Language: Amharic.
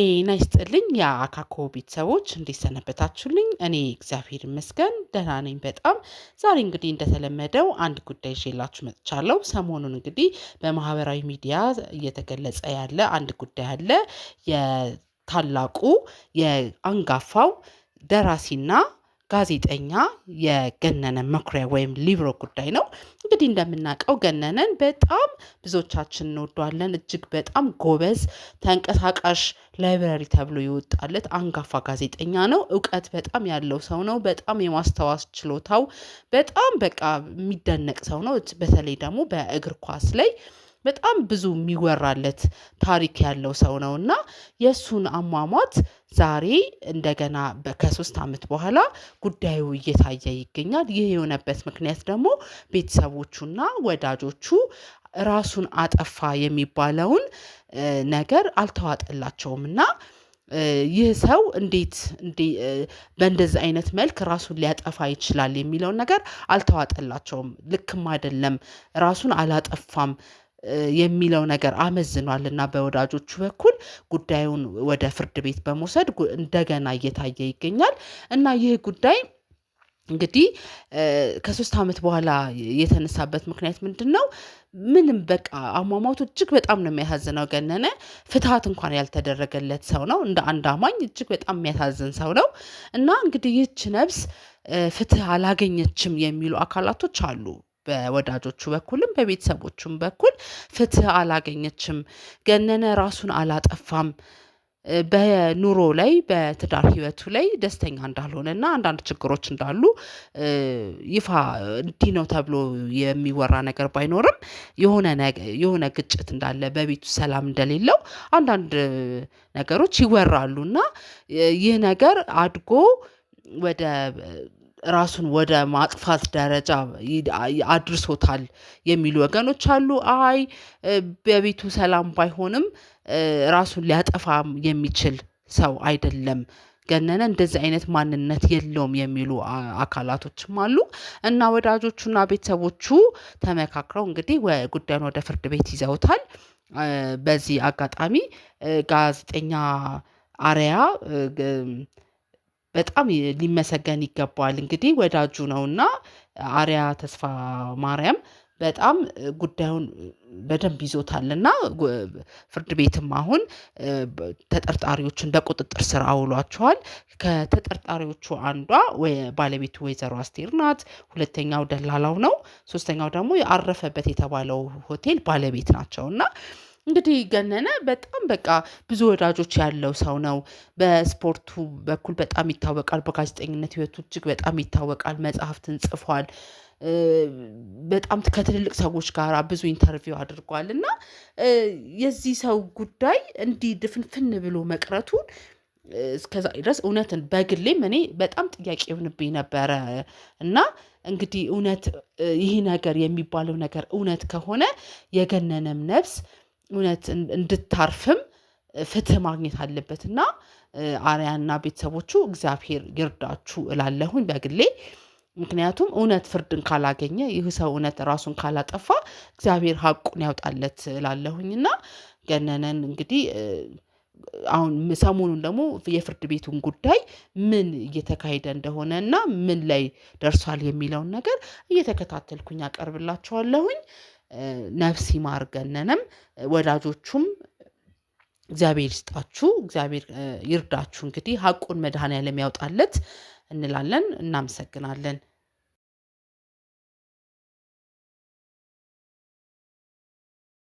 ጤና ይስጥልኝ የአካኮ ቤተሰቦች እንዲሰነበታችሁልኝ። እኔ እግዚአብሔር ይመስገን ደህና ነኝ በጣም። ዛሬ እንግዲህ እንደተለመደው አንድ ጉዳይ ይዤላችሁ መጥቻለሁ። ሰሞኑን እንግዲህ በማህበራዊ ሚዲያ እየተገለጸ ያለ አንድ ጉዳይ አለ። የታላቁ የአንጋፋው ደራሲና ጋዜጠኛ የገነነ መኩሪያ ወይም ሊብሮ ጉዳይ ነው። እንግዲህ እንደምናውቀው ገነነን በጣም ብዙዎቻችን እንወደዋለን። እጅግ በጣም ጎበዝ ተንቀሳቃሽ ላይብረሪ ተብሎ የወጣለት አንጋፋ ጋዜጠኛ ነው። እውቀት በጣም ያለው ሰው ነው። በጣም የማስተዋስ ችሎታው በጣም በቃ የሚደነቅ ሰው ነው። በተለይ ደግሞ በእግር ኳስ ላይ በጣም ብዙ የሚወራለት ታሪክ ያለው ሰው ነው እና የእሱን አሟሟት ዛሬ እንደገና ከሶስት አመት በኋላ ጉዳዩ እየታየ ይገኛል። ይህ የሆነበት ምክንያት ደግሞ ቤተሰቦቹና ወዳጆቹ ራሱን አጠፋ የሚባለውን ነገር አልተዋጠላቸውም እና ይህ ሰው እንዴት በእንደዚህ አይነት መልክ ራሱን ሊያጠፋ ይችላል የሚለውን ነገር አልተዋጠላቸውም። ልክም አይደለም ራሱን አላጠፋም የሚለው ነገር አመዝኗል እና በወዳጆቹ በኩል ጉዳዩን ወደ ፍርድ ቤት በመውሰድ እንደገና እየታየ ይገኛል እና ይህ ጉዳይ እንግዲህ ከሶስት ዓመት በኋላ የተነሳበት ምክንያት ምንድን ነው? ምንም በቃ አሟሟቱ እጅግ በጣም ነው የሚያሳዝነው። ገነነ ፍትሀት እንኳን ያልተደረገለት ሰው ነው። እንደ አንድ አማኝ እጅግ በጣም የሚያሳዝን ሰው ነው እና እንግዲህ ይህች ነብስ ፍትህ አላገኘችም የሚሉ አካላቶች አሉ። በወዳጆቹ በኩልም በቤተሰቦቹም በኩል ፍትህ አላገኘችም። ገነነ ራሱን አላጠፋም። በኑሮ ላይ በትዳር ህይወቱ ላይ ደስተኛ እንዳልሆነ እና አንዳንድ ችግሮች እንዳሉ ይፋ እንዲህ ነው ተብሎ የሚወራ ነገር ባይኖርም የሆነ ግጭት እንዳለ በቤቱ ሰላም እንደሌለው አንዳንድ ነገሮች ይወራሉ እና ይህ ነገር አድጎ ወደ ራሱን ወደ ማጥፋት ደረጃ አድርሶታል የሚሉ ወገኖች አሉ። አይ በቤቱ ሰላም ባይሆንም ራሱን ሊያጠፋም የሚችል ሰው አይደለም ገነነ እንደዚህ አይነት ማንነት የለውም የሚሉ አካላቶችም አሉ። እና ወዳጆቹና ቤተሰቦቹ ተመካክረው እንግዲህ ጉዳዩን ወደ ፍርድ ቤት ይዘውታል። በዚህ አጋጣሚ ጋዜጠኛ አርያ በጣም ሊመሰገን ይገባዋል። እንግዲህ ወዳጁ ነው እና አሪያ ተስፋ ማርያም በጣም ጉዳዩን በደንብ ይዞታል እና ፍርድ ቤትም አሁን ተጠርጣሪዎችን በቁጥጥር ስር አውሏቸዋል። ከተጠርጣሪዎቹ አንዷ ባለቤቱ ወይዘሮ አስቴር ናት። ሁለተኛው ደላላው ነው። ሶስተኛው ደግሞ ያረፈበት የተባለው ሆቴል ባለቤት ናቸው እና እንግዲህ ገነነ በጣም በቃ ብዙ ወዳጆች ያለው ሰው ነው። በስፖርቱ በኩል በጣም ይታወቃል በጋዜጠኝነት ህይወቱ እጅግ በጣም ይታወቃል መጽሐፍትን ጽፏል። በጣም ከትልልቅ ሰዎች ጋር ብዙ ኢንተርቪው አድርጓል እና የዚህ ሰው ጉዳይ እንዲህ ድፍንፍን ብሎ መቅረቱን እስከዛ ድረስ እውነትን በግሌም እኔ በጣም ጥያቄ ይሆንብኝ ነበረ። እና እንግዲህ እውነት ይህ ነገር የሚባለው ነገር እውነት ከሆነ የገነነም ነፍስ እውነት እንድታርፍም ፍትህ ማግኘት አለበት እና አርያና ቤተሰቦቹ እግዚአብሔር ይርዳችሁ እላለሁኝ በግሌ። ምክንያቱም እውነት ፍርድን ካላገኘ ይህ ሰው እውነት ራሱን ካላጠፋ እግዚአብሔር ሀቁን ያውጣለት እላለሁኝ። እና ገነነን እንግዲህ አሁን ሰሞኑን ደግሞ የፍርድ ቤቱን ጉዳይ ምን እየተካሄደ እንደሆነ እና ምን ላይ ደርሷል የሚለውን ነገር እየተከታተልኩኝ አቀርብላችኋለሁኝ። ነፍስ ይማር ገነንም ወላጆቹም እግዚአብሔር ይስጣችሁ፣ እግዚአብሔር ይርዳችሁ። እንግዲህ ሀቁን መድኃኔዓለም ያውጣለት እንላለን። እናመሰግናለን።